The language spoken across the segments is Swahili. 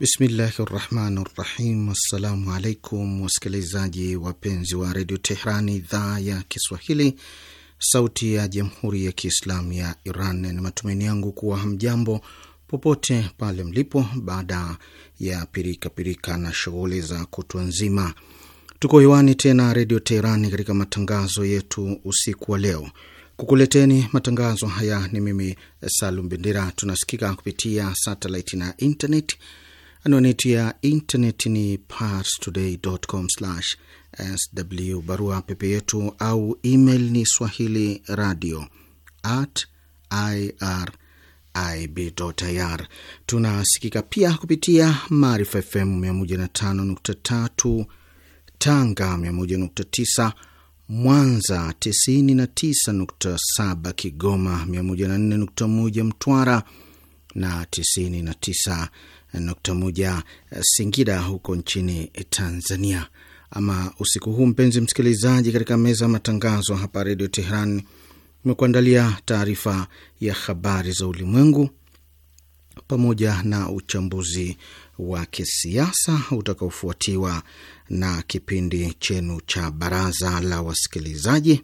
Bismillahi rahmani rahim. Assalamu alaikum wasikilizaji wapenzi wa redio Tehrani, idhaa ya Kiswahili, sauti ya jamhuri ya kiislamu ya Iran. Ni matumaini yangu kuwa hamjambo popote pale mlipo, baada ya pirika pirika na shughuli za kutwa nzima. Tuko hewani tena redio Teherani katika matangazo yetu usiku wa leo kukuleteni matangazo haya. Ni mimi Salum Bendera. Tunasikika kupitia satellite na intenet Anwani yetu ya intaneti ni parstoday.com/sw. Barua pepe yetu au email ni swahili radio at irib.ir. Tunasikika pia kupitia Maarifa FM 105.3 Tanga, 101.9 Mwanza, 99.7 Kigoma, 104.1 Mtwara na 99 nukta moja eh, Singida huko nchini Tanzania. Ama usiku huu mpenzi msikilizaji, katika meza ya matangazo hapa Redio Tehran imekuandalia taarifa ya habari za ulimwengu pamoja na uchambuzi wa kisiasa utakaofuatiwa na kipindi chenu cha baraza la wasikilizaji.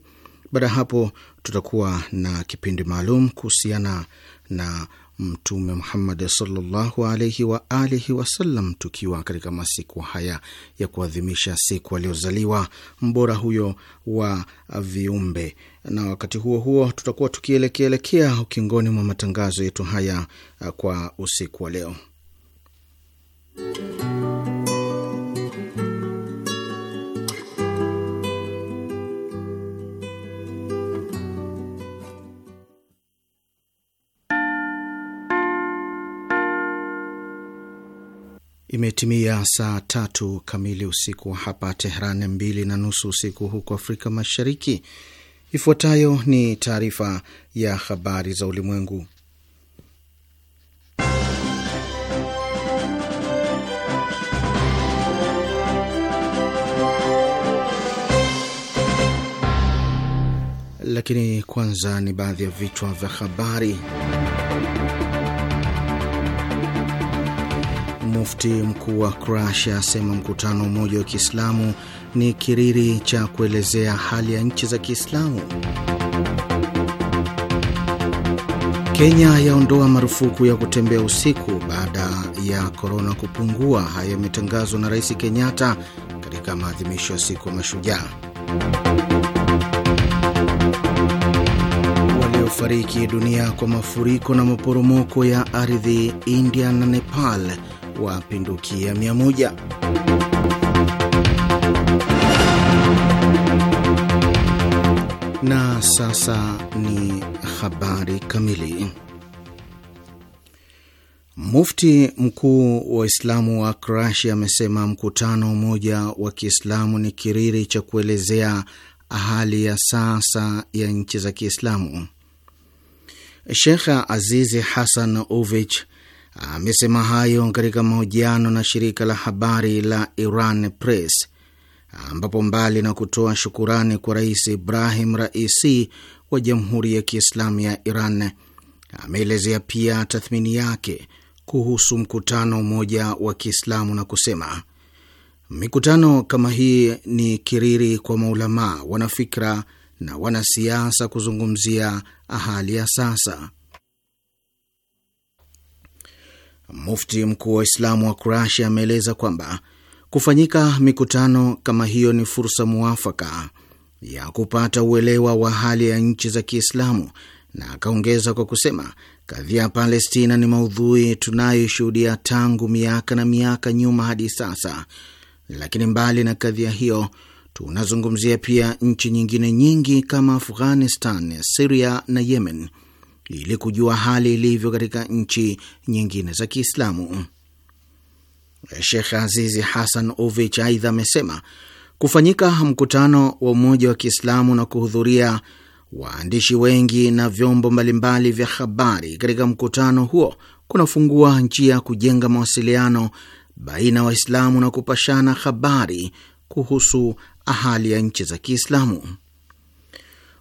Baada ya hapo, tutakuwa na kipindi maalum kuhusiana na Mtume Muhammad sallallahu alaihi wa alihi wasallam. Tukiwa katika masiku haya ya kuadhimisha siku aliyozaliwa mbora huyo wa viumbe, na wakati huo huo tutakuwa tukielekeelekea ukingoni mwa matangazo yetu haya kwa usiku wa leo Imetimia saa tatu kamili usiku wa hapa Tehran, mbili na nusu usiku huko Afrika Mashariki. Ifuatayo ni taarifa ya habari za ulimwengu, lakini kwanza ni baadhi ya vichwa vya habari. Mufti mkuu wa Kroatia asema mkutano mmoja wa Kiislamu ni kiriri cha kuelezea hali ya nchi za Kiislamu. Kenya yaondoa marufuku ya kutembea usiku baada ya korona kupungua. Hayo yametangazwa na Rais Kenyatta katika maadhimisho ya siku ya Mashujaa. Waliofariki dunia kwa mafuriko na maporomoko ya ardhi India na Nepal wapindukia 100. Na sasa ni habari kamili. Mufti mkuu wa Islamu wa Krashi amesema mkutano mmoja wa Kiislamu ni kiriri cha kuelezea hali ya sasa ya nchi za Kiislamu. Shekh Azizi Hasan Ovich amesema hayo katika mahojiano na shirika la habari la Iran Press ambapo mbali na kutoa shukurani kwa Rais Ibrahim Raisi wa Jamhuri ya Kiislamu ya Iran ameelezea pia tathmini yake kuhusu mkutano mmoja wa Kiislamu na kusema mikutano kama hii ni kiriri kwa maulamaa, wanafikra na wanasiasa kuzungumzia hali ya sasa Mufti mkuu wa islamu wa kurasia ameeleza kwamba kufanyika mikutano kama hiyo ni fursa mwafaka ya kupata uelewa wa hali ya nchi za Kiislamu, na akaongeza kwa kusema kadhia ya Palestina ni maudhui tunayoshuhudia tangu miaka na miaka nyuma hadi sasa, lakini mbali na kadhia hiyo tunazungumzia pia nchi nyingine nyingi kama Afghanistan, Siria na Yemen ili kujua hali ilivyo katika nchi nyingine za Kiislamu. Shekh Azizi Hasan Ovich aidha amesema kufanyika mkutano wa Umoja wa Kiislamu na kuhudhuria waandishi wengi na vyombo mbalimbali vya habari katika mkutano huo kunafungua njia ya kujenga mawasiliano baina ya Waislamu na kupashana habari kuhusu hali ya nchi za Kiislamu.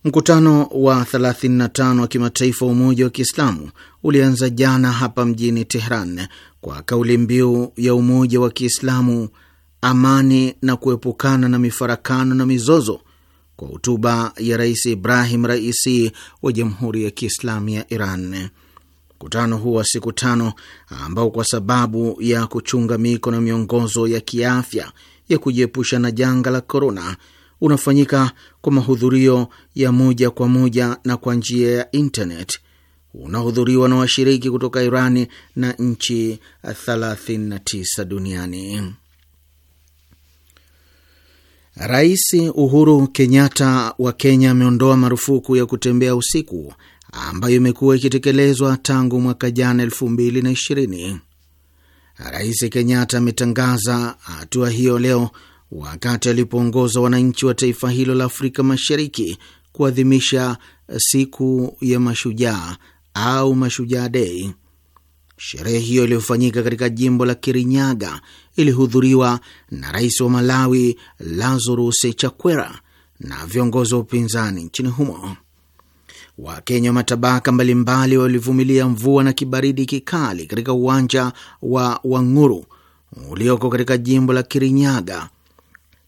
Mkutano wa 35 wa kimataifa wa Umoja wa Kiislamu ulianza jana hapa mjini Tehran kwa kauli mbiu ya Umoja wa Kiislamu, amani na kuepukana na mifarakano na mizozo, kwa hotuba ya Rais Ibrahim Raisi wa Jamhuri ya Kiislamu ya Iran. Mkutano huu wa siku tano ambao kwa sababu ya kuchunga miko na miongozo ya kiafya ya kujiepusha na janga la korona unafanyika kwa mahudhurio ya moja kwa moja na kwa njia ya intnet unahudhuriwa na washiriki kutoka Irani na nchi 39 duniani. Rais Uhuru Kenyatta wa Kenya ameondoa marufuku ya kutembea usiku ambayo imekuwa ikitekelezwa tangu mwaka jana 2020. Rais Kenyatta ametangaza hatua hiyo leo wakati alipoongoza wananchi wa taifa hilo la Afrika Mashariki kuadhimisha siku ya mashujaa au Mashujaa Dei. Sherehe hiyo iliyofanyika katika jimbo la Kirinyaga ilihudhuriwa na rais wa Malawi Lazarus Chakwera na viongozi wa upinzani nchini humo. Wakenya wa matabaka mbalimbali walivumilia mvua na kibaridi kikali katika uwanja wa Wang'uru ulioko katika jimbo la Kirinyaga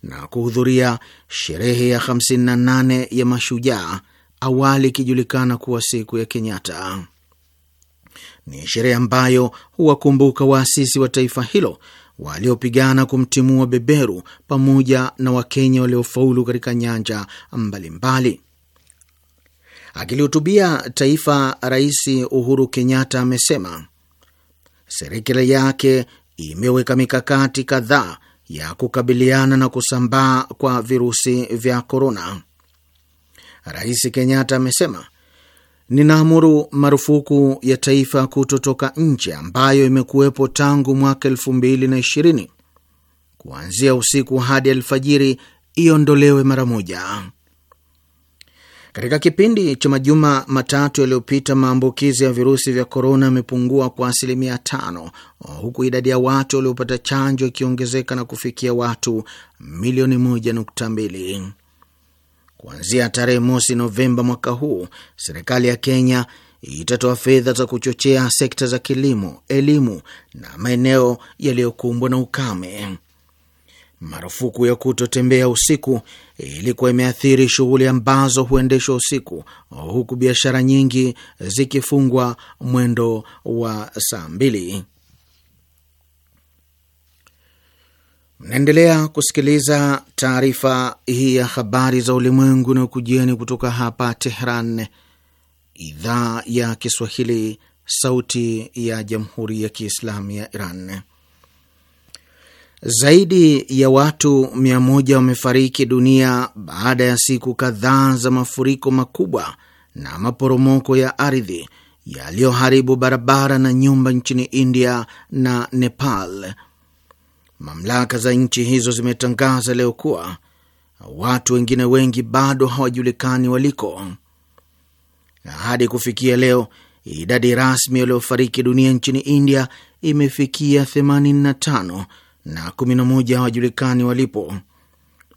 na kuhudhuria sherehe ya 58 ya mashujaa, awali ikijulikana kuwa siku ya Kenyatta. Ni sherehe ambayo huwakumbuka waasisi wa taifa hilo waliopigana kumtimua beberu pamoja na Wakenya waliofaulu katika nyanja mbalimbali. Akilihutubia taifa, Rais Uhuru Kenyatta amesema serikali yake imeweka mikakati kadhaa ya kukabiliana na kusambaa kwa virusi vya korona. Rais Kenyatta amesema ninaamuru marufuku ya taifa kutotoka nje ambayo imekuwepo tangu mwaka elfu mbili na ishirini kuanzia usiku hadi alfajiri iondolewe mara moja. Katika kipindi cha majuma matatu yaliyopita maambukizi ya virusi vya korona yamepungua kwa asilimia tano huku idadi ya watu waliopata chanjo ikiongezeka na kufikia watu milioni moja nukta mbili. Kuanzia tarehe mosi Novemba mwaka huu, serikali ya Kenya itatoa fedha za kuchochea sekta za kilimo, elimu na maeneo yaliyokumbwa na ukame. Marufuku ya kutotembea usiku ilikuwa imeathiri shughuli ambazo huendeshwa usiku, huku biashara nyingi zikifungwa mwendo wa saa mbili. Mnaendelea kusikiliza taarifa hii ya habari za ulimwengu na ukujieni kutoka hapa Tehran, idhaa ya Kiswahili, sauti ya jamhuri ya kiislamu ya Iran. Zaidi ya watu mia moja wamefariki dunia baada ya siku kadhaa za mafuriko makubwa na maporomoko ya ardhi yaliyoharibu barabara na nyumba nchini India na Nepal. Mamlaka za nchi hizo zimetangaza leo kuwa watu wengine wengi bado hawajulikani waliko, na hadi kufikia leo idadi rasmi waliofariki dunia nchini India imefikia 85 na 11 hawajulikani walipo.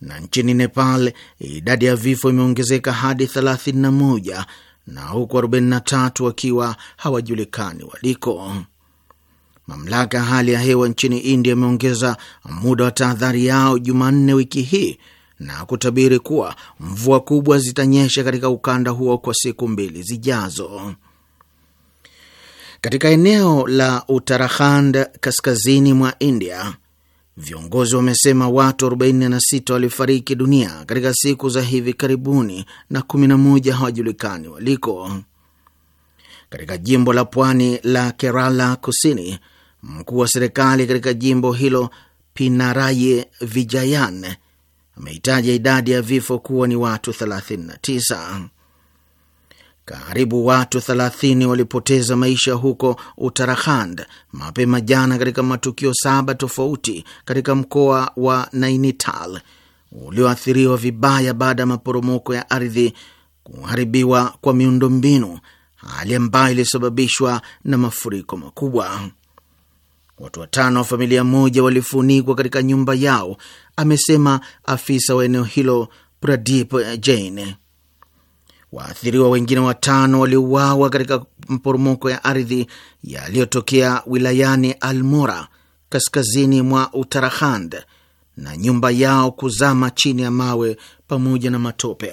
Na nchini Nepal idadi ya vifo imeongezeka hadi 31 na huku 43 wakiwa hawajulikani waliko. Mamlaka ya hali ya hewa nchini India imeongeza muda wa tahadhari yao Jumanne wiki hii na kutabiri kuwa mvua kubwa zitanyesha katika ukanda huo kwa siku mbili zijazo. Katika eneo la Uttarakhand kaskazini mwa India, Viongozi wamesema watu 46 walifariki dunia katika siku za hivi karibuni na 11 hawajulikani waliko. Katika jimbo la pwani la Kerala Kusini, mkuu wa serikali katika jimbo hilo pinaraye Vijayan amehitaja idadi ya vifo kuwa ni watu 39 karibu watu 30 walipoteza maisha huko Uttarakhand mapema jana katika matukio saba tofauti katika mkoa wa Nainital ulioathiriwa vibaya baada ya maporomoko ya ardhi, kuharibiwa kwa miundombinu, hali ambayo ilisababishwa na mafuriko makubwa. Watu watano wa familia moja walifunikwa katika nyumba yao, amesema afisa wa eneo hilo Pradip Jain. Waathiriwa wengine watano waliuawa katika maporomoko ya ardhi yaliyotokea wilayani Almora kaskazini mwa Uttarakhand na nyumba yao kuzama chini ya mawe pamoja na matope.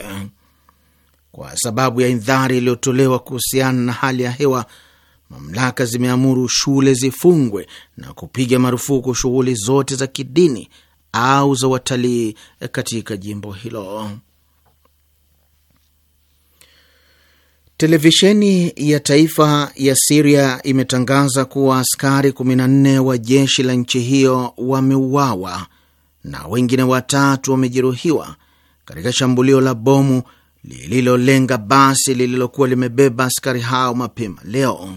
Kwa sababu ya indhari iliyotolewa kuhusiana na hali ya hewa, mamlaka zimeamuru shule zifungwe na kupiga marufuku shughuli zote za kidini au za watalii katika jimbo hilo. Televisheni ya taifa ya Siria imetangaza kuwa askari 14 wa jeshi la nchi hiyo wameuawa na wengine watatu wamejeruhiwa katika shambulio la bomu lililolenga basi lililokuwa limebeba askari hao mapema leo.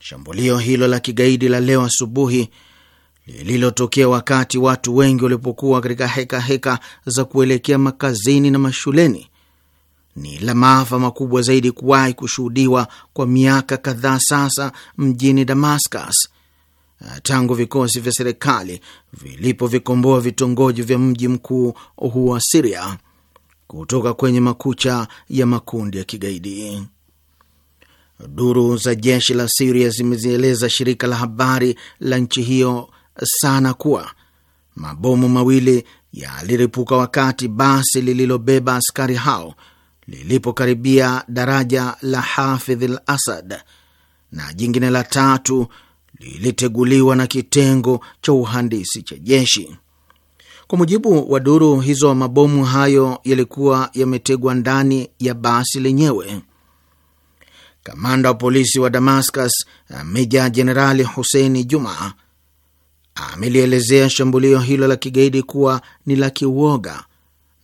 Shambulio hilo la kigaidi la leo asubuhi lililotokea wakati watu wengi walipokuwa katika hekaheka heka za kuelekea makazini na mashuleni ni la maafa makubwa zaidi kuwahi kushuhudiwa kwa miaka kadhaa sasa mjini Damascus tangu vikosi vya serikali vilipovikomboa vitongoji vya mji mkuu huo wa Siria kutoka kwenye makucha ya makundi ya kigaidi. Duru za jeshi la Siria zimezieleza shirika la habari la nchi hiyo sana kuwa mabomu mawili yaliripuka wakati basi lililobeba askari hao lilipokaribia daraja la Hafidh al Asad, na jingine la tatu liliteguliwa na kitengo cha uhandisi cha jeshi. Kwa mujibu wa duru hizo, mabomu hayo yalikuwa yametegwa ndani ya basi lenyewe. Kamanda wa polisi wa Damascus, meja jenerali Huseini Juma, amelielezea shambulio hilo la kigaidi kuwa ni la kiuoga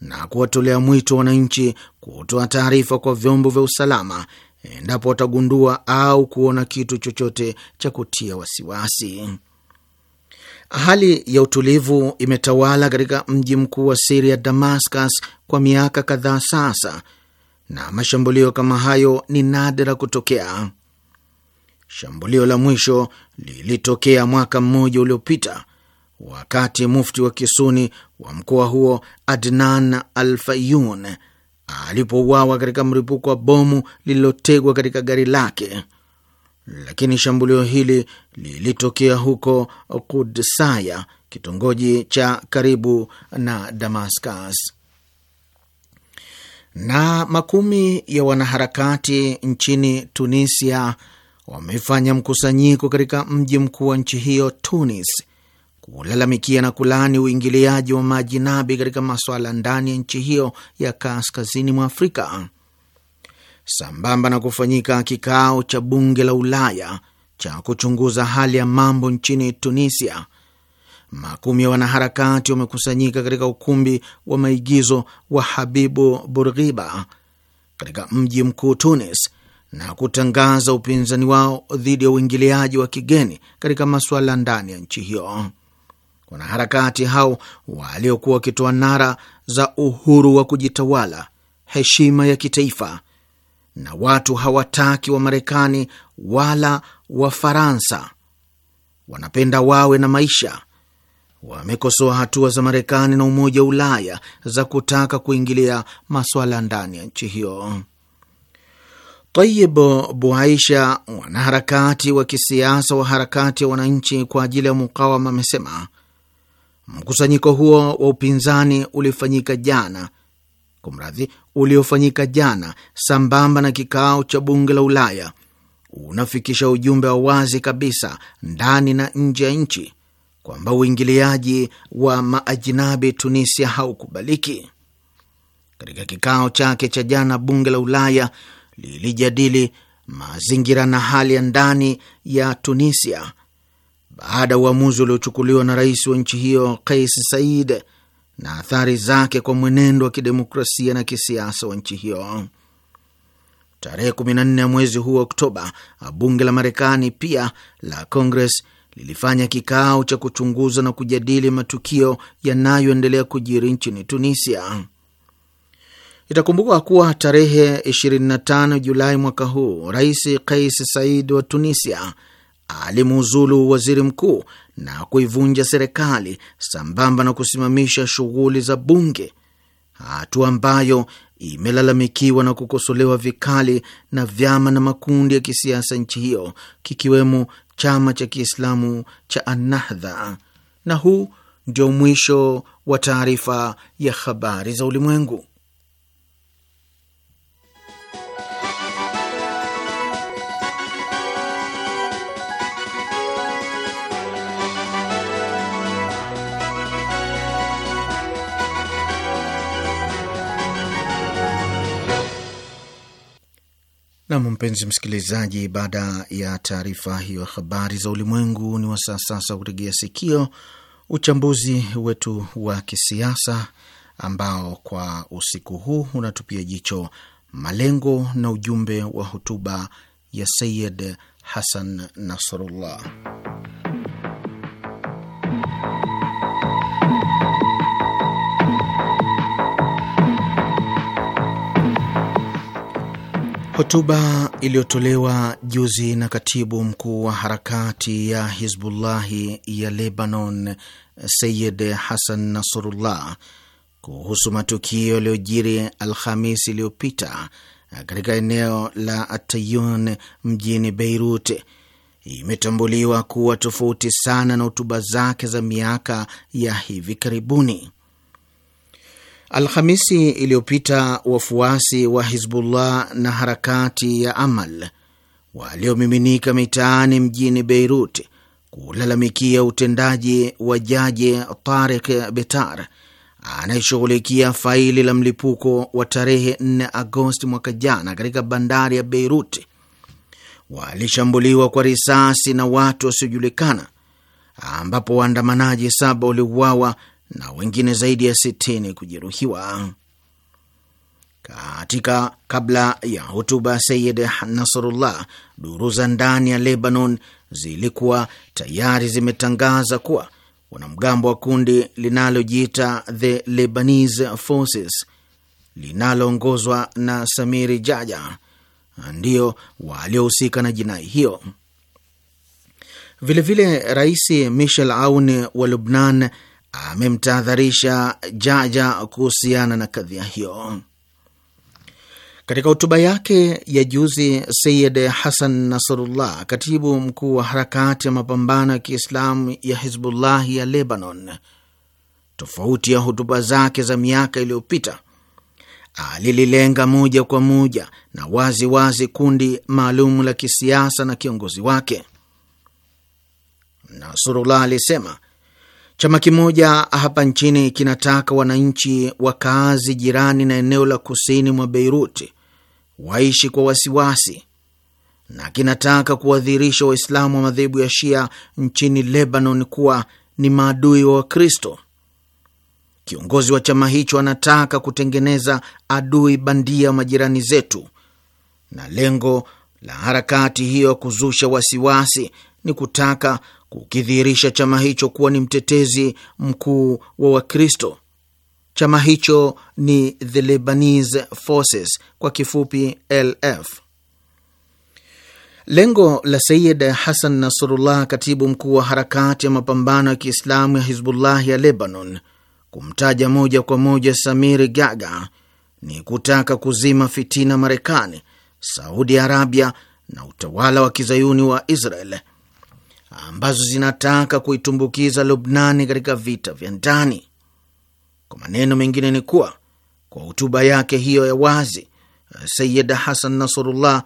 na kuwatolea mwito wananchi kutoa taarifa kwa vyombo vya usalama endapo watagundua au kuona kitu chochote cha kutia wasiwasi. Hali ya utulivu imetawala katika mji mkuu wa Siria, Damascus, kwa miaka kadhaa sasa, na mashambulio kama hayo ni nadra kutokea. Shambulio la mwisho lilitokea mwaka mmoja uliopita wakati mufti wa kisuni wa mkoa huo Adnan Al-Fayun alipouawa katika mripuko wa bomu lililotegwa katika gari lake. Lakini shambulio hili lilitokea huko Kudsaya, kitongoji cha karibu na Damascus. Na makumi ya wanaharakati nchini Tunisia wamefanya mkusanyiko katika mji mkuu wa nchi hiyo Tunis kulalamikia na kulaani uingiliaji wa majinabi katika masuala ndani ya nchi hiyo ya kaskazini mwa Afrika, sambamba na kufanyika kikao cha bunge la Ulaya cha kuchunguza hali ya mambo nchini Tunisia. Makumi ya wanaharakati wamekusanyika katika ukumbi wa maigizo wa Habibu Burghiba katika mji mkuu Tunis na kutangaza upinzani wao dhidi ya uingiliaji wa kigeni katika masuala ndani ya nchi hiyo. Wanaharakati hao waliokuwa wakitoa nara za uhuru wa kujitawala, heshima ya kitaifa na watu hawataki wa Marekani wala Wafaransa, wanapenda wawe na maisha, wamekosoa hatua za Marekani na Umoja wa Ulaya za kutaka kuingilia maswala ndani ya nchi hiyo. Tayib Buaisha, mwanaharakati wa kisiasa wa harakati ya wananchi kwa ajili ya mukawama, amesema Mkusanyiko huo wa upinzani ulifanyika jana kumradhi, uliofanyika jana sambamba na kikao cha bunge la Ulaya unafikisha ujumbe wa wazi kabisa ndani na nje ya nchi kwamba uingiliaji wa maajinabi Tunisia haukubaliki. Katika kikao chake cha jana, bunge la Ulaya lilijadili mazingira na hali ya ndani ya Tunisia baada ya uamuzi uliochukuliwa na rais wa nchi hiyo Kais said na athari zake kwa mwenendo wa kidemokrasia na kisiasa wa nchi hiyo. Tarehe 14 ya mwezi huu wa Oktoba, bunge la Marekani pia la Congress lilifanya kikao cha kuchunguza na kujadili matukio yanayoendelea kujiri nchini Tunisia. Itakumbuka kuwa tarehe 25 Julai mwaka huu, Rais Kais said wa Tunisia alimuuzulu waziri mkuu na kuivunja serikali sambamba na kusimamisha shughuli za bunge, hatua ambayo imelalamikiwa na kukosolewa vikali na vyama na makundi ya kisiasa nchi hiyo kikiwemo chama cha Kiislamu cha Annahdha. Na huu ndio mwisho wa taarifa ya habari za ulimwengu. Nam, mpenzi msikilizaji, baada ya taarifa hiyo habari za ulimwengu, ni wasaa sasa kutegea sikio uchambuzi wetu wa kisiasa ambao kwa usiku huu unatupia jicho malengo na ujumbe wa hotuba ya Sayid Hasan Nasrullah. Hotuba iliyotolewa juzi na katibu mkuu wa harakati ya Hizbullahi ya Lebanon, Sayid Hasan Nasrullah, kuhusu matukio yaliyojiri alhamis iliyopita katika eneo la Atayun mjini Beirut imetambuliwa kuwa tofauti sana na hotuba zake za miaka ya hivi karibuni. Alhamisi iliyopita wafuasi wa Hizbullah na harakati ya Amal waliomiminika mitaani mjini Beirut kulalamikia utendaji wa jaji Tarik Betar anayeshughulikia faili la mlipuko wa tarehe 4 Agosti mwaka jana katika bandari ya Beirut walishambuliwa kwa risasi na watu wasiojulikana ambapo waandamanaji saba waliuawa na wengine zaidi ya sitini kujeruhiwa. Katika kabla ya hotuba ya Sayid Nasrullah, duru za ndani ya Lebanon zilikuwa tayari zimetangaza kuwa wanamgambo wa kundi linalojiita The Lebanese Forces linaloongozwa na Samiri Jaja ndio waliohusika na jinai hiyo. Vilevile, Rais Michel Aoun wa Lubnan amemtahadharisha Jaja kuhusiana na kadhia hiyo. Katika hotuba yake ya juzi, Sayid Hasan Nasrullah, katibu mkuu wa harakati ya mapambano ya Kiislamu ya Hizbullahi ya Lebanon, tofauti ya hotuba zake za miaka iliyopita, alililenga moja kwa moja na wazi wazi kundi maalum la kisiasa na kiongozi wake. Nasrullah alisema Chama kimoja hapa nchini kinataka wananchi wakaazi jirani na eneo la kusini mwa Beiruti waishi kwa wasiwasi na kinataka kuwadhihirisha Waislamu wa madhehebu ya Shia nchini Lebanon kuwa ni maadui wa Wakristo. Kiongozi wa chama hicho anataka kutengeneza adui bandia wa majirani zetu, na lengo la harakati hiyo ya kuzusha wasiwasi ni kutaka kukidhihirisha chama hicho kuwa ni mtetezi mkuu wa Wakristo. Chama hicho ni The Lebanese Forces, kwa kifupi LF. Lengo la Sayid Hasan Nasrullah, katibu mkuu wa harakati ya mapambano ya Kiislamu ya Hizbullah ya Lebanon, kumtaja moja kwa moja Samir Gaga ni kutaka kuzima fitina Marekani, Saudi Arabia na utawala wa kizayuni wa Israel ambazo zinataka kuitumbukiza Lubnani katika vita vya ndani. Kwa maneno mengine ni kuwa kwa hotuba yake hiyo ya wazi, Sayid Hasan Nasrullah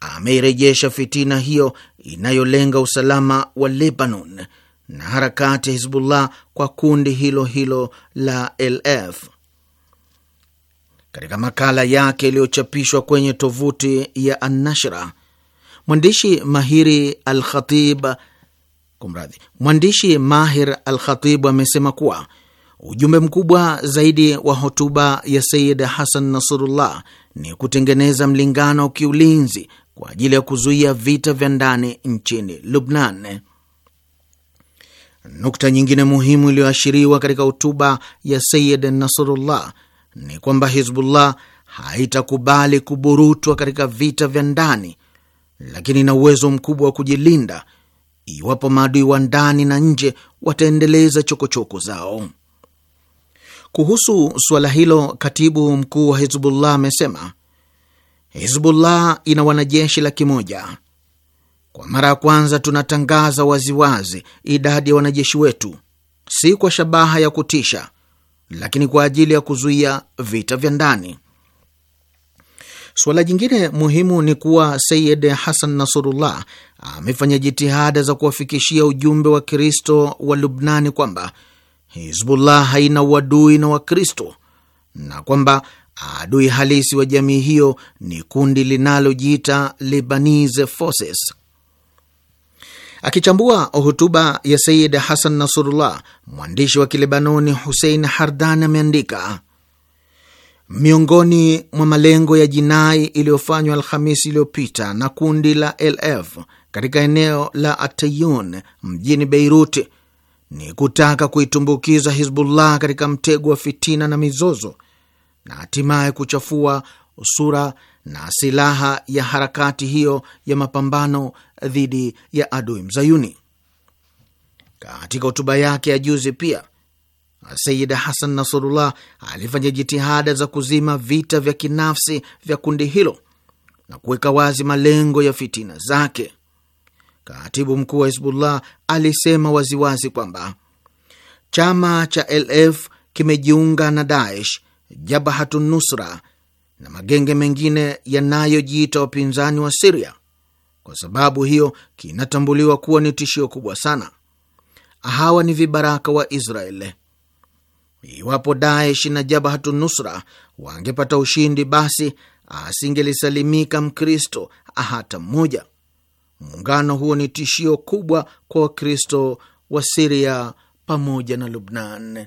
ameirejesha fitina hiyo inayolenga usalama wa Lebanon na harakati ya Hizbullah kwa kundi hilo hilo la LF. Katika makala yake iliyochapishwa kwenye tovuti ya Annashra, mwandishi mahiri Al Khatib Kumradhi, mwandishi Mahir Al Khatibu amesema kuwa ujumbe mkubwa zaidi wa hotuba ya Sayid Hasan Nasrullah ni kutengeneza mlingano wa kiulinzi kwa ajili ya kuzuia vita vya ndani nchini Lubnan. Nukta nyingine muhimu iliyoashiriwa katika hotuba ya Sayid Nasrullah ni kwamba Hizbullah haitakubali kuburutwa katika vita vya ndani, lakini ina uwezo mkubwa wa kujilinda iwapo maadui wa ndani na nje wataendeleza chokochoko zao. Kuhusu suala hilo, katibu mkuu wa Hizbullah amesema Hizbullah ina wanajeshi laki moja. Kwa mara ya kwanza tunatangaza waziwazi idadi ya wanajeshi wetu, si kwa shabaha ya kutisha, lakini kwa ajili ya kuzuia vita vya ndani. Suala jingine muhimu ni kuwa Sayid Hasan Nasurullah amefanya jitihada za kuwafikishia ujumbe wa Kristo wa Lubnani kwamba Hizbullah haina uadui na Wakristo na kwamba adui halisi wa jamii hiyo ni kundi linalojiita Lebanese Forces. Akichambua hotuba ya Sayid Hasan Nasurullah, mwandishi wa Kilebanoni Husein Hardan ameandika Miongoni mwa malengo ya jinai iliyofanywa Alhamisi iliyopita na kundi la LF katika eneo la Atayun mjini Beirut ni kutaka kuitumbukiza Hizbullah katika mtego wa fitina na mizozo na hatimaye kuchafua sura na silaha ya harakati hiyo ya mapambano dhidi ya adui mzayuni. Katika hotuba yake ya juzi pia Sayida Hasan Nasrullah alifanya jitihada za kuzima vita vya kinafsi vya kundi hilo na kuweka wazi malengo ya fitina zake. Katibu mkuu wa Hizbullah alisema waziwazi kwamba chama cha LF kimejiunga na Daesh, Jabahatu Nusra na magenge mengine yanayojiita wapinzani wa Siria. Kwa sababu hiyo, kinatambuliwa kuwa ni tishio kubwa sana. Hawa ni vibaraka wa Israeli. Iwapo Daesh na Jabhatu Nusra wangepata ushindi, basi asingelisalimika Mkristo hata mmoja. Muungano huo ni tishio kubwa kwa Wakristo wa Siria pamoja na Lubnan.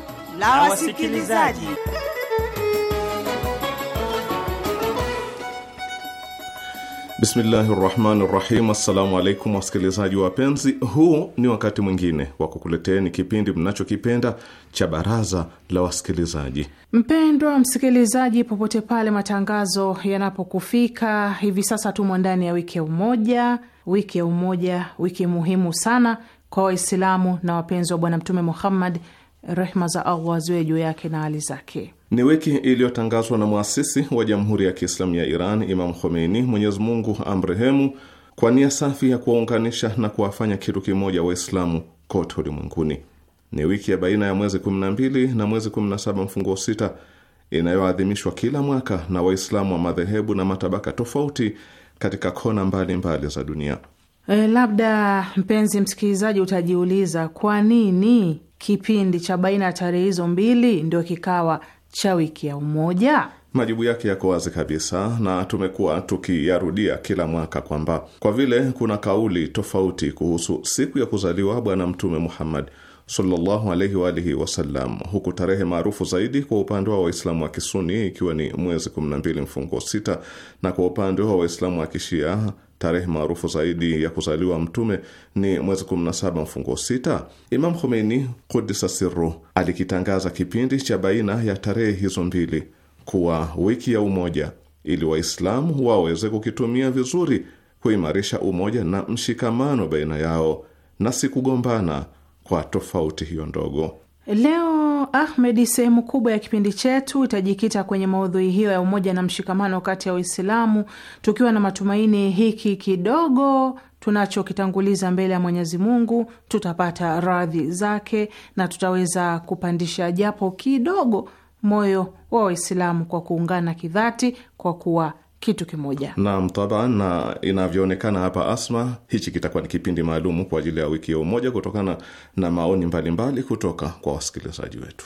la wasikilizaji. Bismillahi rahmani rahim. Assalamu alaikum wasikilizaji wapenzi, huu ni wakati mwingine wa kukuleteeni kipindi mnachokipenda cha baraza la wasikilizaji. Mpendwa msikilizaji, popote pale matangazo yanapokufika hivi sasa, tumo ndani ya wiki ya umoja, wiki ya umoja, wiki muhimu sana kwa Waislamu na wapenzi wa Bwana Mtume Muhammad rehma za Allah ziwe juu yake na hali zake. Ni wiki iliyotangazwa na mwasisi wa Jamhuri ya Kiislamu ya Iran, Imam Khomeini, Mwenyezi Mungu amrehemu, kwa nia safi ya kuwaunganisha na kuwafanya kitu kimoja Waislamu kote ulimwenguni. Ni wiki ya baina ya mwezi 12 na mwezi 17 mfunguo sita inayoadhimishwa kila mwaka na Waislamu wa madhehebu na matabaka tofauti katika kona mbalimbali mbali za dunia. E, labda mpenzi msikilizaji utajiuliza kwa nini kipindi cha baina ya tarehe hizo mbili ndio kikawa cha wiki ya umoja. Majibu yake yako wazi kabisa, na tumekuwa tukiyarudia kila mwaka kwamba kwa vile kuna kauli tofauti kuhusu siku ya kuzaliwa Bwana Mtume Muhammad sallallahu alaihi wa alihi wasallam, huku tarehe maarufu zaidi kwa upande wa Waislamu wa Kisuni ikiwa ni mwezi 12 mfungo 6 na kwa upande wa Waislamu wa Kishia tarehe maarufu zaidi ya kuzaliwa mtume ni mwezi 17 mfungo sita. Imam Khomeini kudisa siru alikitangaza kipindi cha baina ya tarehe hizo mbili kuwa wiki ya umoja, ili Waislamu waweze kukitumia vizuri kuimarisha umoja na mshikamano baina yao na si kugombana kwa tofauti hiyo ndogo. Leo Ahmed, sehemu kubwa ya kipindi chetu itajikita kwenye maudhui hiyo ya umoja na mshikamano kati ya Waislamu, tukiwa na matumaini hiki kidogo tunachokitanguliza mbele ya Mwenyezi Mungu tutapata radhi zake na tutaweza kupandisha japo kidogo moyo wa Waislamu kwa kuungana kidhati, kwa kuwa kitu kimoja. Naam, taban, na inavyoonekana hapa Asma, hichi kitakuwa ni kipindi maalumu kwa ajili ya wiki ya umoja kutokana na maoni mbalimbali mbali kutoka kwa wasikilizaji wetu.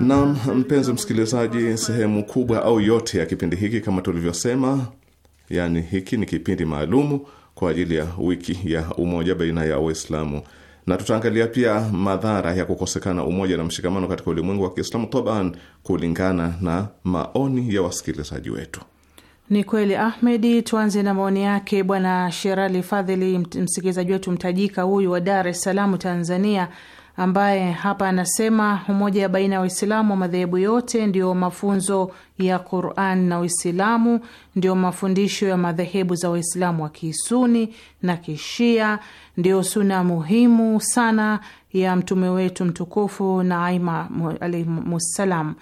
Naam, mpenzi msikilizaji, sehemu kubwa au yote ya kipindi hiki kama tulivyosema, yani hiki ni kipindi maalumu kwa ajili ya wiki ya umoja baina ya Waislamu, na tutaangalia pia madhara ya kukosekana umoja na mshikamano katika ulimwengu wa Kiislamu, toban, kulingana na maoni ya wasikilizaji wetu. Ni kweli Ahmedi, tuanze na maoni yake Bwana Sherali Fadhili, msikilizaji wetu mtajika huyu wa Dar es Salaam, Tanzania ambaye hapa anasema umoja baina ya Waislamu wa madhehebu yote ndio mafunzo ya Quran na Uislamu ndio mafundisho ya madhehebu za Waislamu wa Kisuni na Kishia, ndio suna muhimu sana ya mtume wetu mtukufu na aima alaihimussalam.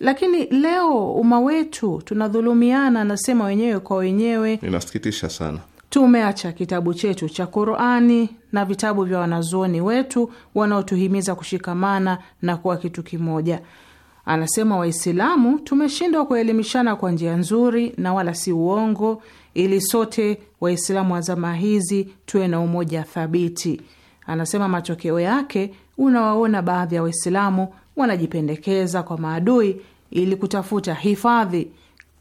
Lakini leo umma wetu tunadhulumiana, anasema wenyewe kwa wenyewe, inasikitisha sana. Tumeacha kitabu chetu cha Qurani na vitabu vya wanazuoni wetu wanaotuhimiza kushikamana na kuwa kitu kimoja. Anasema Waislamu tumeshindwa kuelimishana kwa njia nzuri na wala si uongo, ili sote Waislamu wa zama hizi tuwe na umoja thabiti. Anasema matokeo yake unawaona baadhi ya Waislamu wanajipendekeza kwa maadui ili kutafuta hifadhi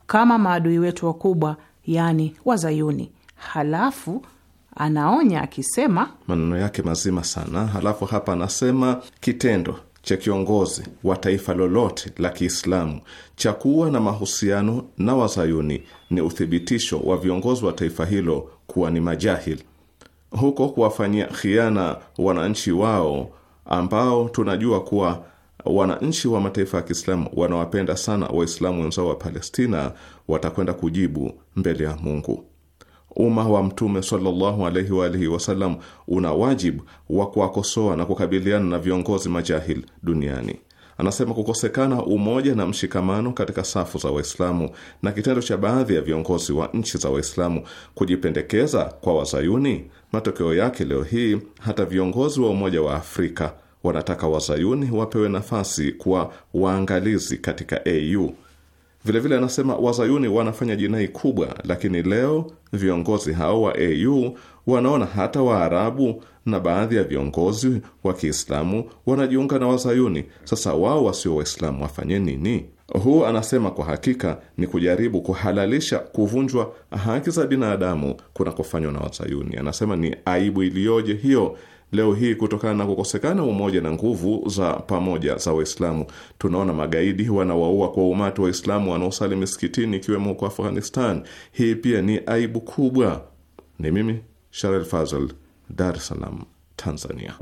kama maadui wetu wakubwa, yaani Wazayuni halafu anaonya akisema maneno yake mazima sana. Halafu hapa anasema kitendo cha kiongozi wa taifa lolote la Kiislamu cha kuwa na mahusiano na wazayuni ni uthibitisho wa viongozi wa taifa hilo kuwa ni majahil huko kuwafanyia khiana wananchi wao ambao tunajua kuwa wananchi wa mataifa ya Kiislamu wanawapenda sana Waislamu wenzao wa Palestina, watakwenda kujibu mbele ya Mungu umma wa Mtume sallallahu alaihi wa alihi wasallam una wajibu wa kuwakosoa na kukabiliana na viongozi majahil duniani. Anasema kukosekana umoja na mshikamano katika safu za Waislamu na kitendo cha baadhi ya viongozi wa nchi za Waislamu kujipendekeza kwa Wazayuni, matokeo yake leo hii hata viongozi wa Umoja wa Afrika wanataka Wazayuni wapewe nafasi kuwa waangalizi katika AU Vilevile anasema wazayuni wanafanya jinai kubwa, lakini leo viongozi hao wa AU wanaona hata Waarabu na baadhi ya viongozi wa Kiislamu wanajiunga na wazayuni. Sasa wao wasio Waislamu wafanye nini? Huu anasema kwa hakika ni kujaribu kuhalalisha kuvunjwa haki za binadamu kunakofanywa na wazayuni. Anasema ni aibu iliyoje hiyo Leo hii kutokana na kukosekana umoja na nguvu za pamoja za Waislamu, tunaona magaidi wanawaua kwa umati Waislamu wanaosali misikitini, ikiwemo huko Afghanistan. Hii pia ni aibu kubwa. Ni mimi Sharel Fazl, Dar es Salaam, Tanzania.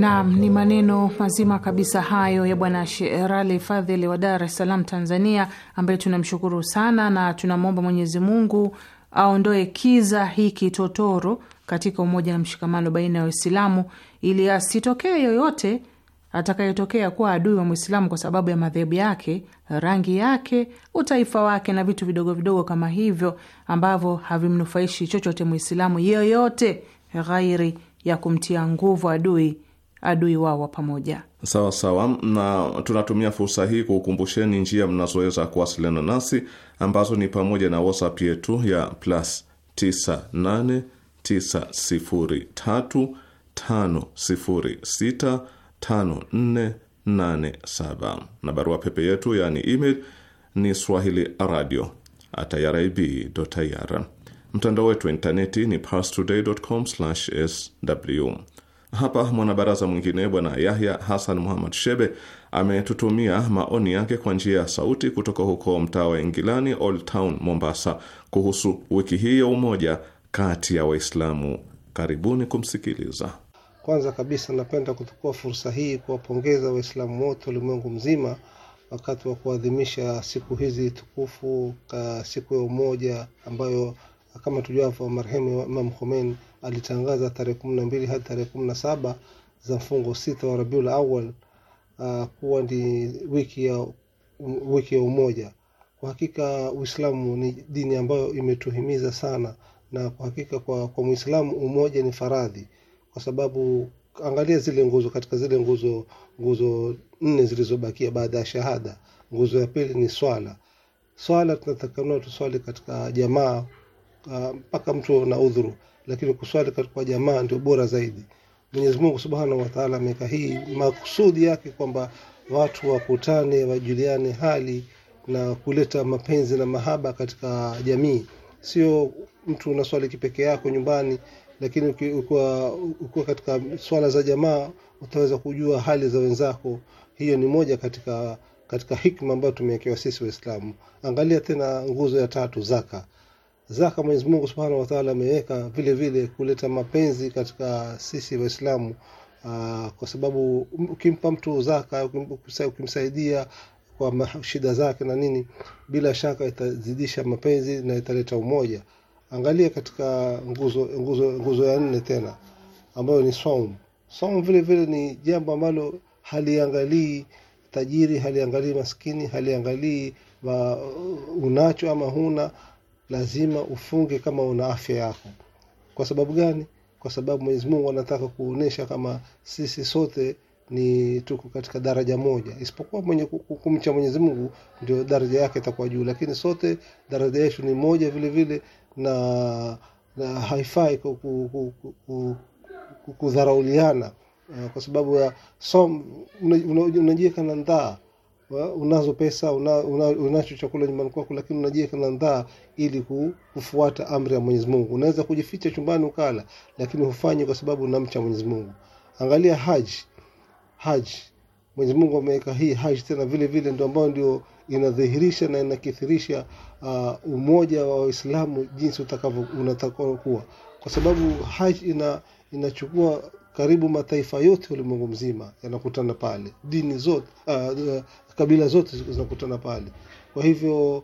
Naam, ni maneno mazima kabisa hayo ya Bwana Sherali Fadhili wa Dar es Salaam, Tanzania, ambaye tunamshukuru sana na tunamwomba Mwenyezi Mungu aondoe kiza hiki totoro katika umoja na mshikamano baina ya Waislamu ili asitokee yoyote atakayetokea kuwa adui wa Mwislamu kwa sababu ya madhehebu yake, rangi yake, utaifa wake na vitu vidogo vidogo kama hivyo ambavyo havimnufaishi chochote Mwislamu yeyote ghairi ya kumtia nguvu adui adui wao wa pamoja. Sawa sawa, na tunatumia fursa hii kuukumbusheni njia mnazoweza kuwasiliana nasi ambazo ni pamoja na WhatsApp yetu ya plus 989035065487 na barua pepe yetu yaani email ni swahili radio irib.ir. Mtandao wetu wa intaneti ni parstoday.com/sw hapa mwanabaraza mwingine Bwana Yahya Hasan Muhammad Shebe ametutumia maoni yake kwa njia ya sauti kutoka huko mtaa wa Ingilani, Old Town, Mombasa, kuhusu wiki hii ya umoja kati ya Waislamu. Karibuni kumsikiliza. Kwanza kabisa, napenda kuchukua fursa hii kuwapongeza Waislamu wote ulimwengu mzima wakati wa kuadhimisha siku hizi tukufu, siku ya umoja ambayo kama tujuavyo marehemu Imam Khomeini alitangaza tarehe kumi na mbili hadi tarehe kumi na saba za mfungo sita wa Rabiul Awal uh, kuwa ni wiki ya, wiki ya umoja. Kwa hakika Uislamu ni dini ambayo imetuhimiza sana, na kwa hakika kwa, kwa Muislamu umoja ni faradhi, kwa sababu angalia zile nguzo katika zile nguzo nguzo nne zilizobakia baada ya shahada, nguzo ya pili ni swala. Swala tunatakiwa tuswali katika jamaa uh, mpaka uh, mtu na udhuru lakini kuswali kwa jamaa ndio bora zaidi mwenyezi mungu subhanahu Ta'ala ameka hii makusudi yake kwamba watu wakutane wajuliane hali na kuleta mapenzi na mahaba katika jamii sio mtu unaswali kipeke yako nyumbani lakini ukiwa ukiwa katika swala za jamaa utaweza kujua hali za wenzako hiyo ni moja katika katika hikma ambayo tumewekewa sisi waislamu angalia tena nguzo ya tatu zaka zaka Mwenyezi Mungu Subhanahu wa Ta'ala ameweka vile vile kuleta mapenzi katika sisi Waislamu. Uh, kwa sababu ukimpa mtu zaka, ukimsaidia kwa shida zake na nini, bila shaka itazidisha mapenzi na italeta umoja. Angalia katika nguzo nguzo nguzo ya nne tena ambayo ni saum. Saum vile vile ni jambo ambalo haliangalii tajiri, haliangalii maskini, haliangalii unacho ama huna lazima ufunge kama una afya yako kwa sababu gani kwa sababu mwenyezi mungu anataka kuonesha kama sisi sote ni tuko katika daraja moja isipokuwa mwenye kumcha mwenyezi mungu ndio daraja yake itakuwa juu lakini sote daraja yetu ni moja vile vile na, na haifai kudharauliana kwa sababu ya som unajiweka una, una na ndhaa unazo pesa una, unacho chakula nyumbani kwako lakini unajieka na ndhaa ili kufuata amri ya mwenyezi mungu unaweza kujificha chumbani ukala lakini hufanyi kwa sababu unamcha mwenyezi mungu angalia haji haji mwenyezi mungu ameweka hii haji tena vile vile ndo ambayo ndio inadhihirisha na inakithirisha uh, umoja wa waislamu jinsi utakavyokuwa kwa sababu haji ina inachukua karibu mataifa yote ulimwengu mzima yanakutana pale, dini zote uh, kabila zote zinakutana pale. Kwa hivyo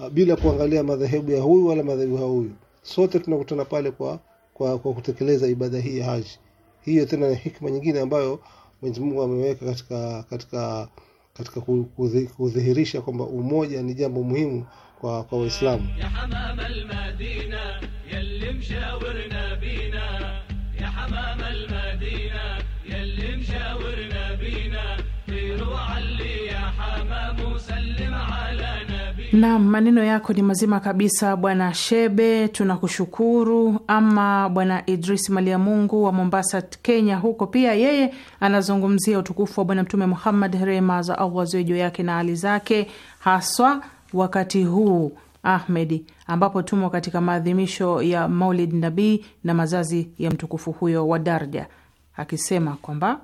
uh, bila kuangalia madhehebu ya huyu wala madhehebu ya huyu, sote tunakutana pale kwa kwa, kwa kutekeleza ibada hii ya haji. Hiyo tena ni hikma nyingine ambayo Mwenyezi Mungu ameweka katika katika katika kudhihirisha kwamba umoja ni jambo muhimu kwa kwa Waislamu. أمام المدينة يلي مشاورنا بينا يا حمام وسلم على Naam, maneno yako ni mazima kabisa Bwana Shebe, tunakushukuru. Ama Bwana Idris Malia Mungu wa Mombasa, Kenya, huko pia yeye anazungumzia utukufu wa Bwana Mtume Muhammad, rehma za Allah ziwe juu yake na hali zake, haswa wakati huu Ahmedi ambapo tumo katika maadhimisho ya Maulid Nabii na mazazi ya mtukufu huyo wa daraja, akisema kwamba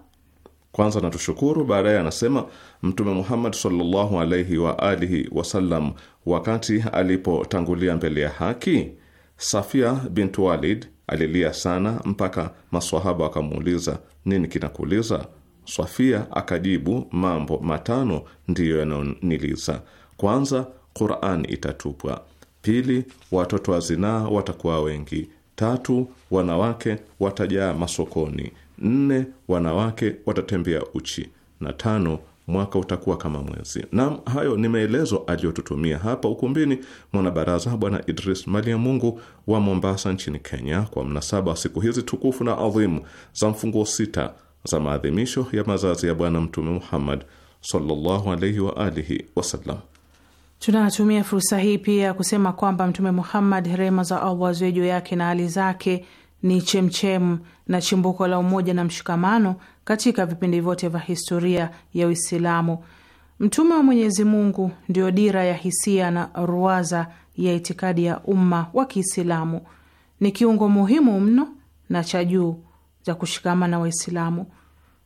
kwanza natushukuru. Baadaye anasema Mtume Muhammad sallallahu alaihi wa alihi wasallam, wakati alipotangulia mbele ya haki, Safia bint Walid alilia sana mpaka maswahaba wakamuuliza, nini kinakuuliza Safia? Akajibu, mambo matano ndiyo yanayoniliza. Kwanza, Quran itatupwa; Pili, watoto wa zinaa watakuwa wengi. Tatu, wanawake watajaa masokoni. Nne, wanawake watatembea uchi. Na tano, mwaka utakuwa kama mwezi. Naam, hayo ni maelezo aliyotutumia hapa ukumbini mwanabaraza Bwana Idris ya Mungu wa Mombasa nchini Kenya, kwa mnasaba wa siku hizi tukufu na adhimu za mfungo sita za maadhimisho ya mazazi ya Bwana Mtume Muhammad sallallahu alaihi wa alihi wasallam. Tunatumia fursa hii pia kusema kwamba Mtume Muhammad, rehma za Allah ziwe juu yake na hali zake, ni chemchem na chimbuko la umoja na mshikamano katika vipindi vyote vya historia ya Uislamu. Mtume wa Mwenyezi Mungu ndio dira ya hisia na ruwaza ya itikadi ya umma wa Kiislamu. Ni kiungo muhimu mno na cha juu cha kushikamana Waislamu.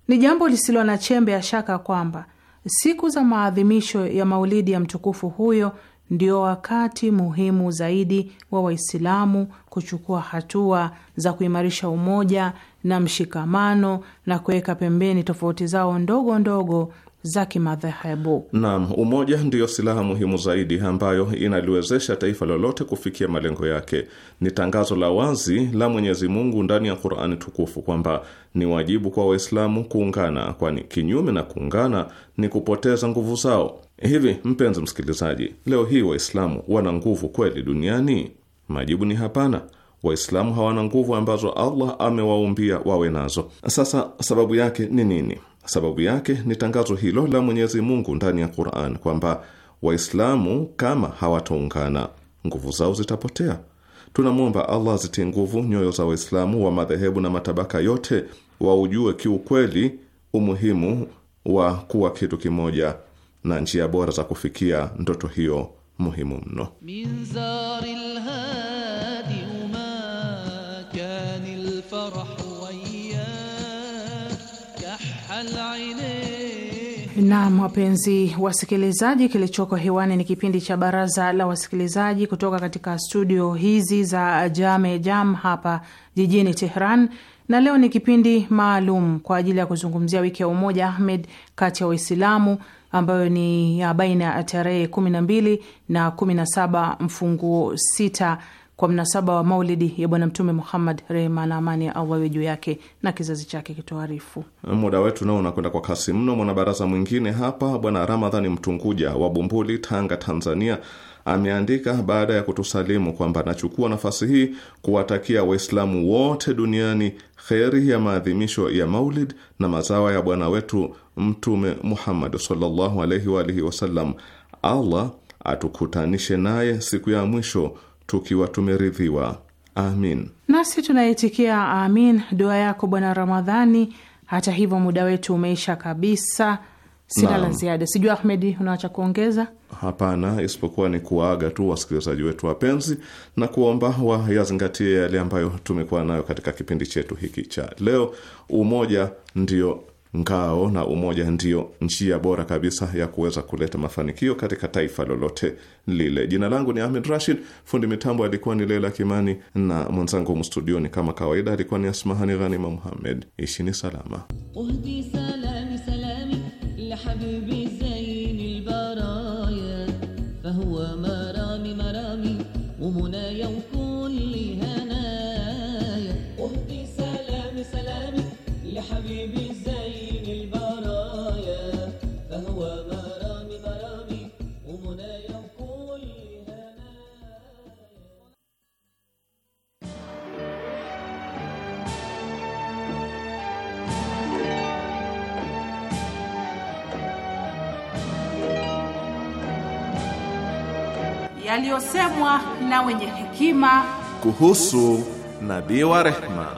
Ni jambo lisilo na chembe ya shaka kwamba Siku za maadhimisho ya maulidi ya mtukufu huyo ndio wakati muhimu zaidi wa Waislamu kuchukua hatua za kuimarisha umoja na mshikamano na kuweka pembeni tofauti zao ndogo ndogo za kimadhehebu. Naam, umoja ndiyo silaha muhimu zaidi ambayo inaliwezesha taifa lolote kufikia malengo yake. Ni tangazo la wazi la Mwenyezi Mungu ndani ya Qur'ani tukufu kwamba ni wajibu kwa Waislamu kuungana, kwani kinyume na kuungana ni kupoteza nguvu zao. Hivi mpenzi msikilizaji, leo hii Waislamu wana nguvu kweli duniani? Majibu ni hapana. Waislamu hawana nguvu ambazo Allah amewaumbia wawe nazo. Sasa sababu yake ni nini? Sababu yake ni tangazo hilo la Mwenyezi Mungu ndani ya Qur'an kwamba Waislamu kama hawataungana, nguvu zao zitapotea. Tunamwomba Allah zitie nguvu nyoyo za Waislamu wa madhehebu na matabaka yote, waujue kiukweli umuhimu wa kuwa kitu kimoja na njia bora za kufikia ndoto hiyo muhimu mno. Nam, wapenzi wasikilizaji, kilichoko hewani ni kipindi cha baraza la wasikilizaji kutoka katika studio hizi za Jame Jam hapa jijini Tehran, na leo ni kipindi maalum kwa ajili ya kuzungumzia wiki ya umoja Ahmed kati ya Waislamu ambayo ni ya baina ya tarehe kumi na mbili na na kumi saba mfunguo sita kwa mnasaba wa maulidi ya Bwana Mtume Muhammad, rehma na amani ya juu yake na kizazi chake kitoharifu. Muda wetu nao unakwenda kwa kasi mno. Mwanabaraza mwingine hapa, Bwana Ramadhani Mtunguja wa Bumbuli, Tanga, Tanzania, ameandika baada ya kutusalimu kwamba anachukua nafasi hii kuwatakia Waislamu wote duniani kheri ya maadhimisho ya maulid na mazawa ya bwana wetu Mtume Muhammad sallallahu alaihi wa alihi wasallam. Allah atukutanishe naye siku ya mwisho tukiwa tumeridhiwa. Amin. Nasi tunaitikia amin dua yako Bwana Ramadhani. Hata hivyo muda wetu umeisha kabisa, sina la ziada. Sijui Ahmedi, unawacha kuongeza? Hapana, isipokuwa ni kuwaaga tu wasikilizaji wetu wapenzi na kuomba wayazingatie yale ambayo tumekuwa nayo katika kipindi chetu hiki cha leo. Umoja ndio ngao na umoja ndiyo njia bora kabisa ya kuweza kuleta mafanikio katika taifa lolote lile. Jina langu ni Ahmed Rashid, fundi mitambo alikuwa ni Leila Kimani na mwenzangu mstudioni kama kawaida alikuwa ni Asmahani Ghanima Muhammed. Ishini salama. yaliyosemwa na wenye hekima kuhusu nabii wa rehma.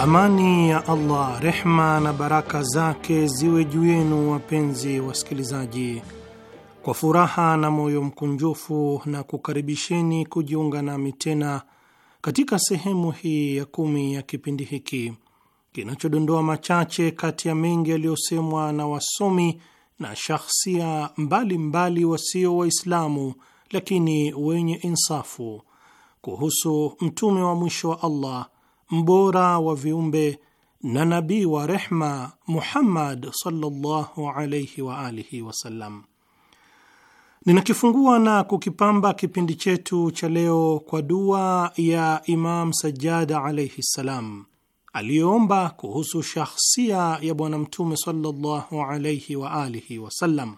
Amani ya Allah, rehma na baraka zake ziwe juu yenu, wapenzi wasikilizaji. Kwa furaha na moyo mkunjufu na kukaribisheni kujiunga nami tena katika sehemu hii ya kumi ya kipindi hiki kinachodondoa machache kati ya mengi yaliyosemwa na wasomi na shakhsia mbalimbali wasio Waislamu lakini wenye insafu kuhusu mtume wa mwisho wa Allah mbora wa viumbe na nabii wa rehma Muhammad sallallahu alayhi wa alihi wasallam. Ninakifungua na kukipamba kipindi chetu cha leo kwa dua ya Imam Sajjad alayhi salam aliyoomba kuhusu shahsia ya Bwana Mtume sallallahu alayhi wa alihi wasallam.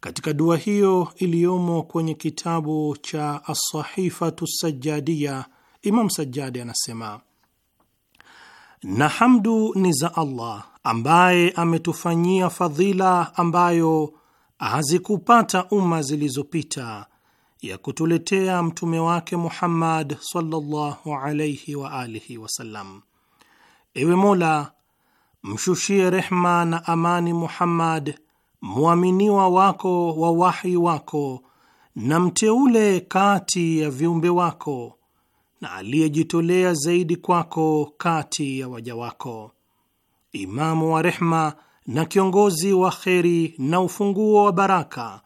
Katika dua hiyo iliyomo kwenye kitabu cha Assahifatu Sajjadia, Imam Sajjadi anasema na hamdu ni za Allah ambaye ametufanyia fadhila ambayo hazikupata umma zilizopita ya kutuletea mtume wake Muhammad sallallahu alayhi wa alihi wasallam. Ewe Mola, mshushie rehma na amani Muhammad mwaminiwa wako wa wahi wako na mteule kati ya viumbe wako na aliyejitolea zaidi kwako kati ya waja wako, imamu wa rehma na kiongozi wa kheri na ufunguo wa baraka,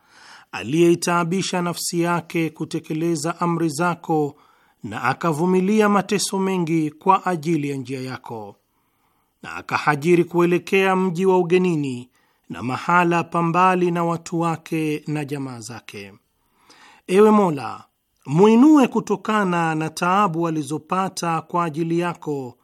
aliyeitaabisha nafsi yake kutekeleza amri zako na akavumilia mateso mengi kwa ajili ya njia yako na akahajiri kuelekea mji wa ugenini na mahala pambali na watu wake na jamaa zake. Ewe Mola, mwinue kutokana na taabu alizopata kwa ajili yako,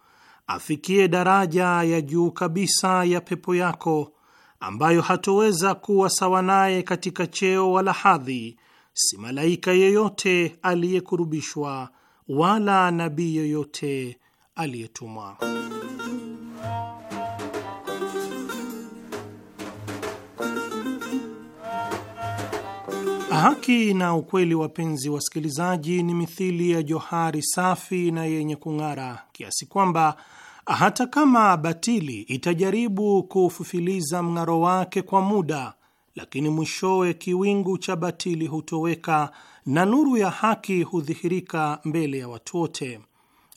afikie daraja ya juu kabisa ya pepo yako ambayo hatoweza kuwa sawa naye katika cheo wala hadhi, si malaika yeyote aliyekurubishwa wala nabii yeyote aliyetumwa. Haki na ukweli, wapenzi wasikilizaji, ni mithili ya johari safi na yenye kung'ara kiasi kwamba hata kama batili itajaribu kufufiliza mng'aro wake kwa muda, lakini mwishowe kiwingu cha batili hutoweka na nuru ya haki hudhihirika mbele ya watu wote.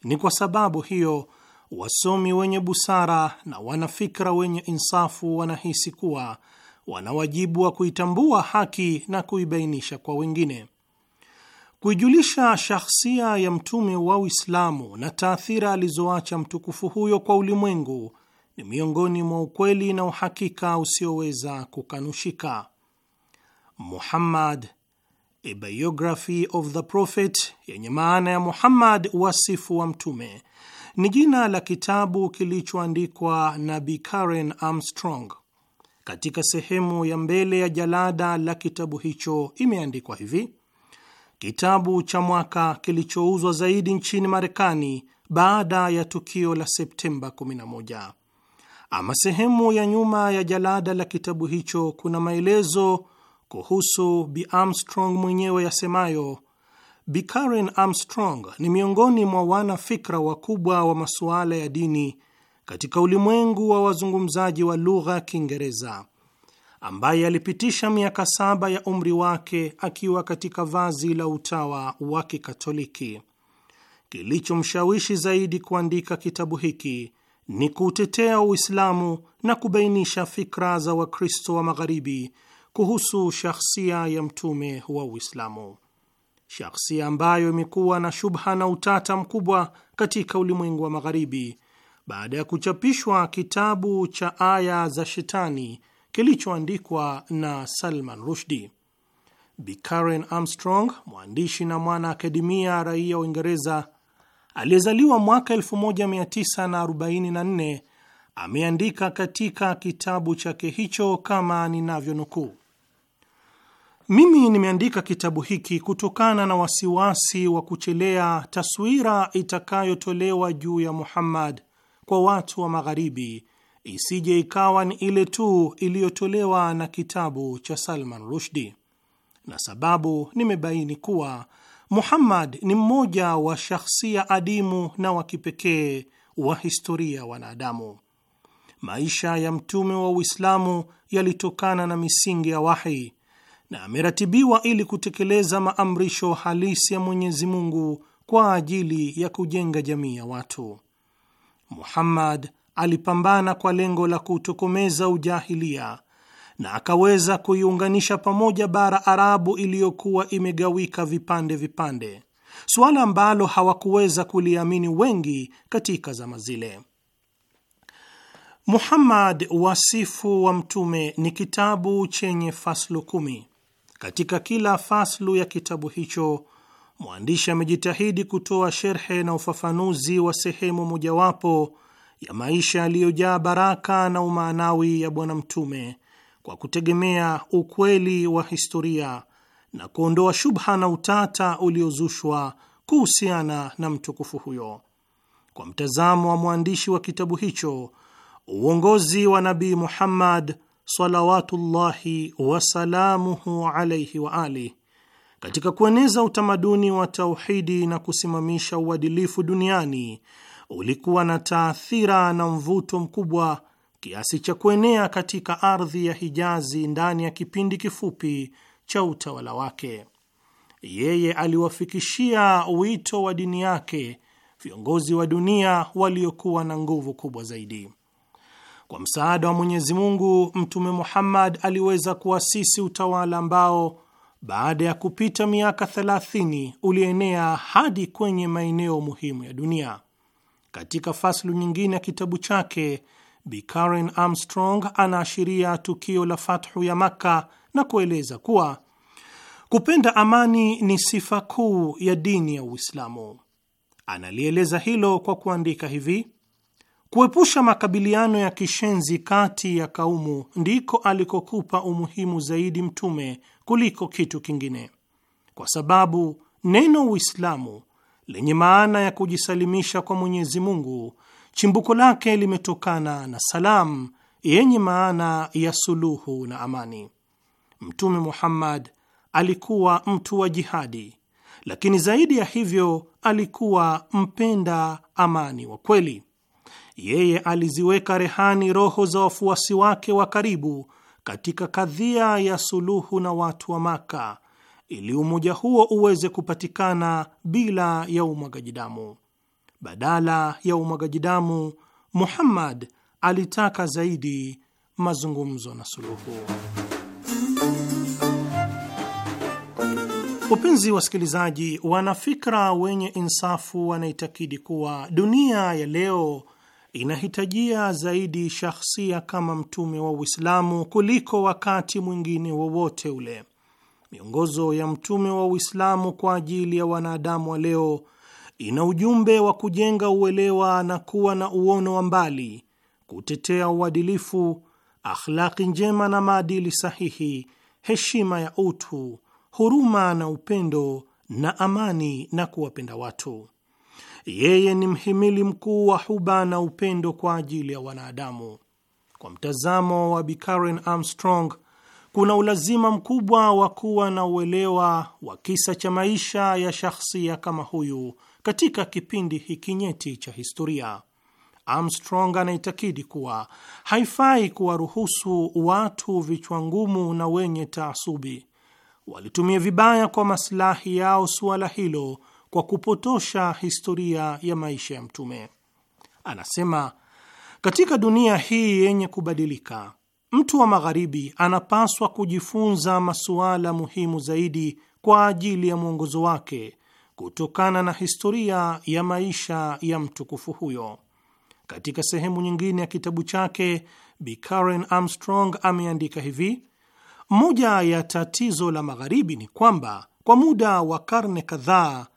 Ni kwa sababu hiyo wasomi wenye busara na wanafikra wenye insafu wanahisi kuwa wana wajibu wa kuitambua haki na kuibainisha kwa wengine. Kuijulisha shahsia ya mtume wa Uislamu na taathira alizoacha mtukufu huyo kwa ulimwengu ni miongoni mwa ukweli na uhakika usioweza kukanushika. Muhammad, A Biography of the Prophet, yenye maana ya Muhammad, wasifu wa mtume, ni jina la kitabu kilichoandikwa na Bi Karen Armstrong. Katika sehemu ya mbele ya jalada la kitabu hicho imeandikwa hivi: kitabu cha mwaka kilichouzwa zaidi nchini Marekani baada ya tukio la Septemba 11. Ama sehemu ya nyuma ya jalada la kitabu hicho kuna maelezo kuhusu Bi Armstrong mwenyewe yasemayo, Bi Karen Armstrong ni miongoni mwa wanafikra wakubwa wa masuala ya dini katika ulimwengu wa wazungumzaji wa lugha ya Kiingereza, ambaye alipitisha miaka saba ya umri wake akiwa katika vazi la utawa wa Kikatoliki. Kilichomshawishi zaidi kuandika kitabu hiki ni kuutetea Uislamu na kubainisha fikra za Wakristo wa Magharibi kuhusu shahsia ya mtume wa Uislamu, shahsia ambayo imekuwa na shubha na utata mkubwa katika ulimwengu wa Magharibi baada ya kuchapishwa kitabu cha Aya za Shetani kilichoandikwa na Salman Rushdie. Bi Karen Armstrong, mwandishi na mwana akademia raia wa Uingereza aliyezaliwa mwaka 1944 ameandika katika kitabu chake hicho kama ninavyonukuu: mimi nimeandika kitabu hiki kutokana na wasiwasi wa kuchelea taswira itakayotolewa juu ya Muhammad kwa watu wa Magharibi isije ikawa ni ile tu iliyotolewa na kitabu cha Salman rushdi na sababu nimebaini kuwa Muhammad ni mmoja wa shakhsia adimu na wa kipekee wa historia wanadamu. Maisha ya mtume wa Uislamu yalitokana na misingi ya wahi na ameratibiwa ili kutekeleza maamrisho halisi ya Mwenyezi Mungu kwa ajili ya kujenga jamii ya watu. Muhammad alipambana kwa lengo la kutokomeza ujahilia na akaweza kuiunganisha pamoja bara Arabu iliyokuwa imegawika vipande vipande, suala ambalo hawakuweza kuliamini wengi katika zama zile. Muhammad Wasifu wa Mtume ni kitabu chenye faslu kumi. Katika kila faslu ya kitabu hicho mwandishi amejitahidi kutoa sherhe na ufafanuzi wa sehemu mojawapo ya maisha yaliyojaa baraka na umaanawi ya Bwana Mtume kwa kutegemea ukweli wa historia na kuondoa shubha na utata uliozushwa kuhusiana na mtukufu huyo. Kwa mtazamo wa mwandishi wa kitabu hicho, uongozi wa Nabii Muhammad salawatullahi wasalamuhu alaihi wa alih katika kueneza utamaduni wa tauhidi na kusimamisha uadilifu duniani ulikuwa na taathira na mvuto mkubwa kiasi cha kuenea katika ardhi ya Hijazi ndani ya kipindi kifupi cha utawala wake. Yeye aliwafikishia wito wa dini yake viongozi wa dunia waliokuwa na nguvu kubwa zaidi. Kwa msaada wa Mwenyezi Mungu, Mtume Muhammad aliweza kuasisi utawala ambao baada ya kupita miaka 30 ulienea hadi kwenye maeneo muhimu ya dunia. Katika faslu nyingine ya kitabu chake, Bi Karen Armstrong anaashiria tukio la fathu ya Makka na kueleza kuwa kupenda amani ni sifa kuu ya dini ya Uislamu. Analieleza hilo kwa kuandika hivi: Kuepusha makabiliano ya kishenzi kati ya kaumu ndiko alikokupa umuhimu zaidi Mtume kuliko kitu kingine, kwa sababu neno Uislamu lenye maana ya kujisalimisha kwa Mwenyezi Mungu chimbuko lake limetokana na salam yenye maana ya suluhu na amani. Mtume Muhammad alikuwa mtu wa jihadi, lakini zaidi ya hivyo alikuwa mpenda amani wa kweli. Yeye aliziweka rehani roho za wafuasi wake wa karibu katika kadhia ya suluhu na watu wa Maka ili umoja huo uweze kupatikana bila ya umwagaji damu. Badala ya umwagaji damu, Muhammad alitaka zaidi mazungumzo na suluhu. Wapenzi wasikilizaji, wanafikra wenye insafu wanaitakidi kuwa dunia ya leo inahitajia zaidi shahsia kama mtume wa Uislamu kuliko wakati mwingine wowote ule. Miongozo ya mtume wa Uislamu kwa ajili ya wanadamu wa leo ina ujumbe wa kujenga uelewa na kuwa na uono wa mbali, kutetea uadilifu, akhlaki njema na maadili sahihi, heshima ya utu, huruma na upendo, na amani na kuwapenda watu. Yeye ni mhimili mkuu wa huba na upendo kwa ajili ya wanadamu. Kwa mtazamo wa Bi Karen Armstrong, kuna ulazima mkubwa wa kuwa na uelewa wa kisa cha maisha ya shahsia kama huyu katika kipindi hiki nyeti cha historia. Armstrong anaitakidi kuwa haifai kuwaruhusu watu vichwa ngumu na wenye taasubi walitumia vibaya kwa masilahi yao suala hilo kwa kupotosha historia ya maisha ya Mtume. Anasema katika dunia hii yenye kubadilika, mtu wa Magharibi anapaswa kujifunza masuala muhimu zaidi kwa ajili ya mwongozo wake kutokana na historia ya maisha ya mtukufu huyo. Katika sehemu nyingine ya kitabu chake Bi Karen Armstrong ameandika hivi: moja ya tatizo la Magharibi ni kwamba kwa muda wa karne kadhaa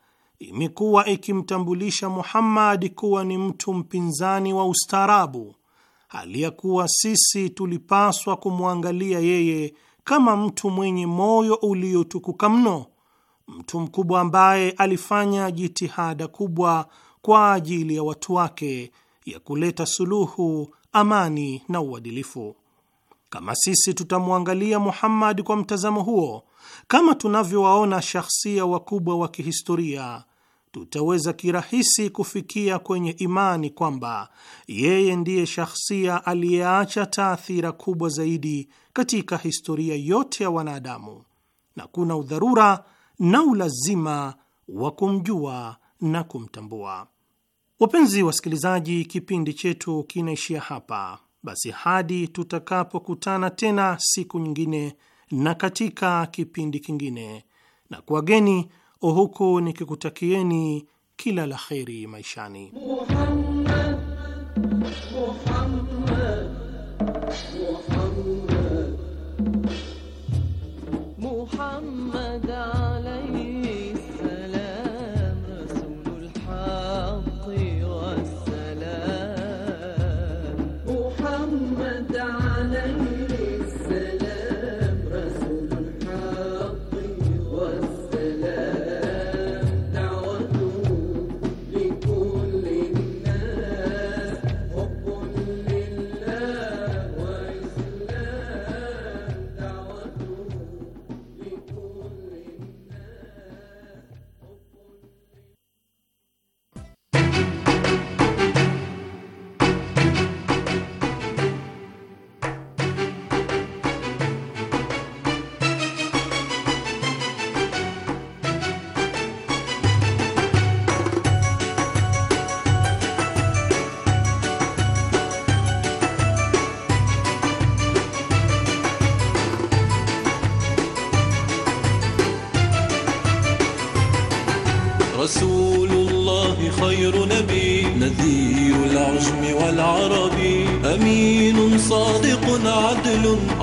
imekuwa ikimtambulisha Muhammad kuwa ni mtu mpinzani wa ustaarabu, hali ya kuwa sisi tulipaswa kumwangalia yeye kama mtu mwenye moyo uliotukuka mno, mtu mkubwa ambaye alifanya jitihada kubwa kwa ajili ya watu wake ya kuleta suluhu, amani na uadilifu. Kama sisi tutamwangalia Muhammad kwa mtazamo huo, kama tunavyowaona shahsia wakubwa wa kihistoria tutaweza kirahisi kufikia kwenye imani kwamba yeye ndiye shahsia aliyeacha taathira kubwa zaidi katika historia yote ya wanadamu na kuna udharura na ulazima wa kumjua na kumtambua. Wapenzi wasikilizaji, kipindi chetu kinaishia hapa. Basi hadi tutakapokutana tena siku nyingine na katika kipindi kingine, na kuwageni huku nikikutakieni kila la kheri maishani. Muhammad, Muhammad, Muhammad, Muhammad.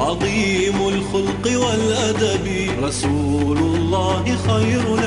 عظيم الخلق والأدب رسول الله خيرنا